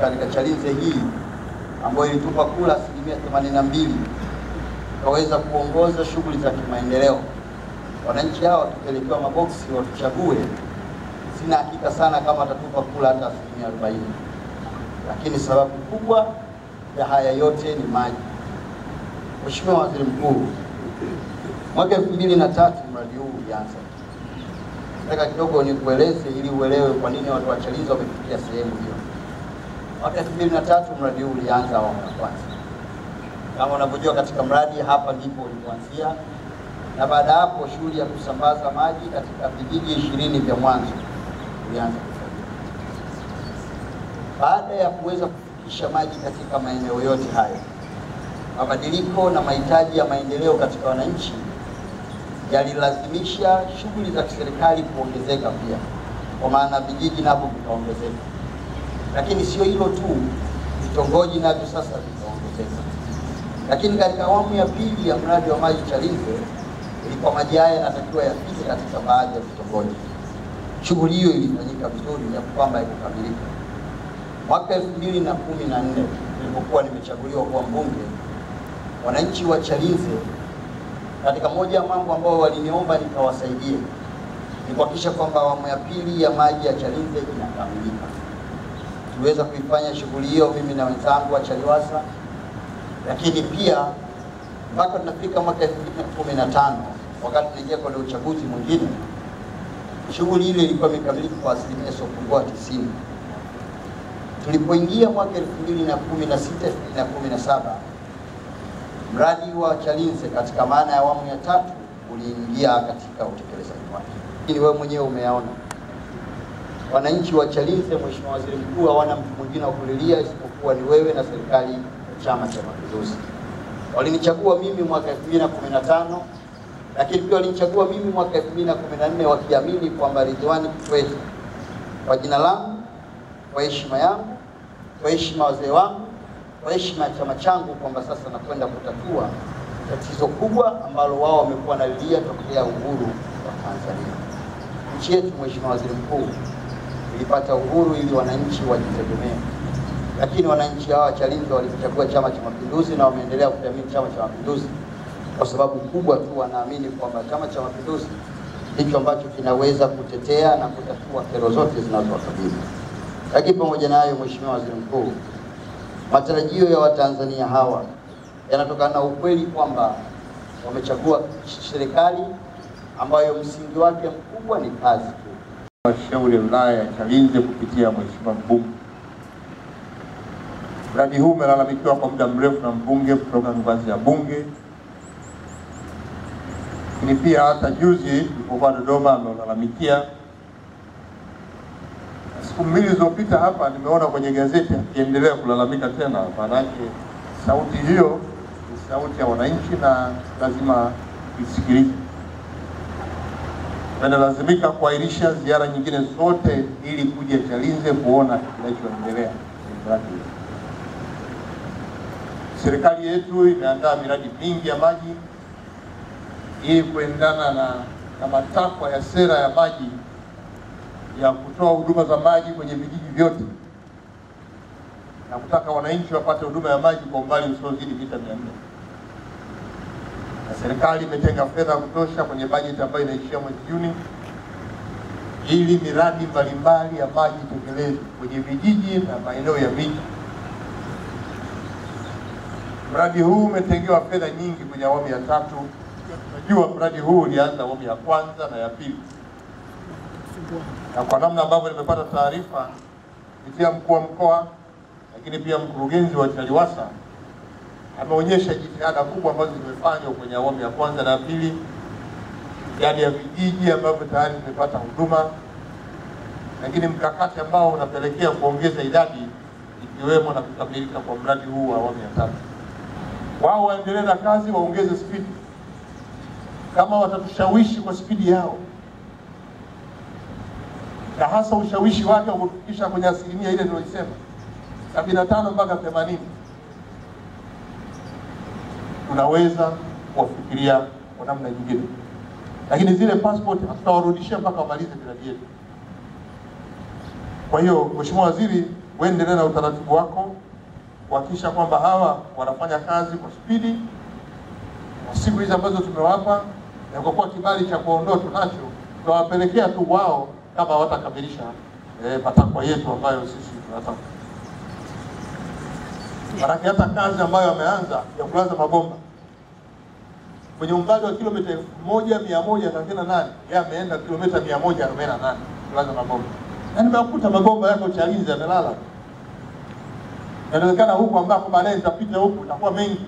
Katika Chalinze hii ambayo ilitupa kula asilimia 82 tukaweza kuongoza shughuli za kimaendeleo. Wananchi hawa tupelekewa maboksi watuchague, sina hakika sana kama atatupa kula hata asilimia 40, lakini sababu kubwa ya haya yote ni maji. Mheshimiwa Waziri Mkuu, mwaka 2003 mradi huu ulianza. Nataka kidogo nikueleze ili uelewe kwa nini watu wa Chalinze wamefikia sehemu hiyo. Mwaka 2003 mradi huu ulianza awamu ya kwanza. Kama unavyojua, katika mradi hapa ndipo ulipoanzia, na baada ya hapo shughuli ya kusambaza maji katika vijiji ishirini vya mwanzo ulianza kufanyika. Baada ya kuweza kufikisha maji katika maeneo yote hayo, mabadiliko na mahitaji ya maendeleo katika wananchi yalilazimisha shughuli za kiserikali kuongezeka pia, kwa maana vijiji navyo vikaongezeka lakini sio hilo tu, vitongoji navyo sasa vitaongezeka. Lakini katika awamu ya pili ya mradi wa maji Chalinze, ilikuwa maji haya yanatakiwa yafike katika baadhi ya vitongoji. Shughuli hiyo ilifanyika vizuri ya kwamba ikukamilika mwaka elfu mbili na kumi na nne nilipokuwa nimechaguliwa kuwa mbunge, wananchi wa Chalinze katika moja ya mambo ambayo waliniomba nikawasaidie ni kuhakikisha kwamba awamu ya pili ya maji ya Chalinze inakamilika tuliweza kuifanya shughuli hiyo mimi na wenzangu wa CHALIWASA, lakini pia mpaka tunafika mwaka 2015 wakati tunaingia kwenye uchaguzi mwingine, shughuli ile ilikuwa imekamilika kwa asilimia isiyopungua tisini. Tulipoingia mwaka 2016 2017 mradi wa Chalinze katika maana ya awamu ya tatu uliingia katika utekelezaji wake, lakini wewe mwenyewe umeyaona Wananchi wa Chalinze, Mheshimiwa Waziri Mkuu, hawana mtu mwingine wa kulilia isipokuwa ni wewe na serikali ya Chama cha Mapinduzi. Walinichagua mimi mwaka 2015 lakini pia walinichagua mimi mwaka 2014 wakiamini kwamba Ridhiwani Kikwete kwa jina langu, kwa heshima yangu, kwa heshima wazee wangu, kwa heshima ya chama changu kwamba sasa nakwenda kutatua tatizo kubwa ambalo wao wamekuwa nalilia tokea uhuru wa Tanzania nchi yetu. Mheshimiwa Waziri Mkuu, ilipata uhuru ili wananchi wajitegemee, lakini wananchi hawa Chalinze walichagua Chama cha Mapinduzi na wameendelea kudhamini Chama cha Mapinduzi kwa sababu kubwa tu wanaamini kwamba Chama cha Mapinduzi ndicho ambacho kinaweza kutetea na kutatua kero zote zinazowakabili. Lakini pamoja na hayo, Mheshimiwa Waziri Mkuu, matarajio ya Watanzania hawa yanatokana na ukweli kwamba wamechagua serikali ambayo msingi wake mkubwa ni kazi. Halmashauri ya wilaya ya Chalinze kupitia Mheshimiwa mbunge. Mradi huu umelalamikiwa kwa muda mrefu na mbunge kutoka ngazi ya bunge, lakini pia hata juzi nilipokuwa Dodoma ameulalamikia. Siku mbili zilizopita hapa nimeona kwenye gazeti akiendelea kulalamika tena. Maanake sauti hiyo ni sauti ya wananchi na lazima isikilizwe na nalazimika kuahirisha ziara nyingine zote ili kuja Chalinze kuona kinachoendelea. Serikali yetu imeandaa miradi mingi ya maji ili kuendana na, na matakwa ya sera ya maji ya kutoa huduma za maji kwenye vijiji vyote na kutaka wananchi wapate huduma ya maji kwa umbali usiozidi mita mia nne serikali imetenga fedha ya kutosha kwenye bajeti ambayo inaishia mwezi Juni ili miradi mbalimbali ya maji itekelezwe kwenye vijiji na maeneo ya miji. Mradi huu umetengewa fedha nyingi kwenye awamu ya tatu. Tunajua mradi huu ulianza awamu ya kwanza na ya pili, na kwa namna ambavyo nimepata taarifa kupitia mkuu wa mkoa, lakini pia mkurugenzi wa TARUWASA ameonyesha jitihada kubwa ambazo zimefanywa kwenye awamu ya kwanza na pili, idadi ya vijiji ambavyo tayari vimepata huduma, lakini mkakati ambao unapelekea kuongeza idadi ikiwemo na kukamilika kwa mradi huu wa awamu ya tatu. Wao waendelee na kazi, waongeze spidi. Kama watatushawishi kwa spidi yao na hasa ushawishi wake wa kwenye asilimia ile tunaoisema sabini na tano mpaka themanini tunaweza kuwafikiria kwa namna nyingine, lakini zile passport hatutawarudishia mpaka wamalize miradi yetu. Kwa hiyo Mheshimiwa Waziri, uendelee na utaratibu wako kuhakikisha kwamba hawa wanafanya kazi kwa spidi kwa siku hizi ambazo tumewapa, na kwa kuwa kibali cha kuondoa tunacho, tunawapelekea tu wao kama hawatakamilisha eh, matakwa yetu ambayo sisi tunataka. Maanake hata kazi ambayo ameanza ya kulaza mabomba kwenye umbali wa kilomita elfu moja mia moja thelathini na nane yeye ameenda kilomita mia moja arobaini na nane kulaza mabomba. Na nimekuta mabomba yako Chalinze yamelala. Inawezekana huku ambako baadaye nitapita huku itakuwa mengi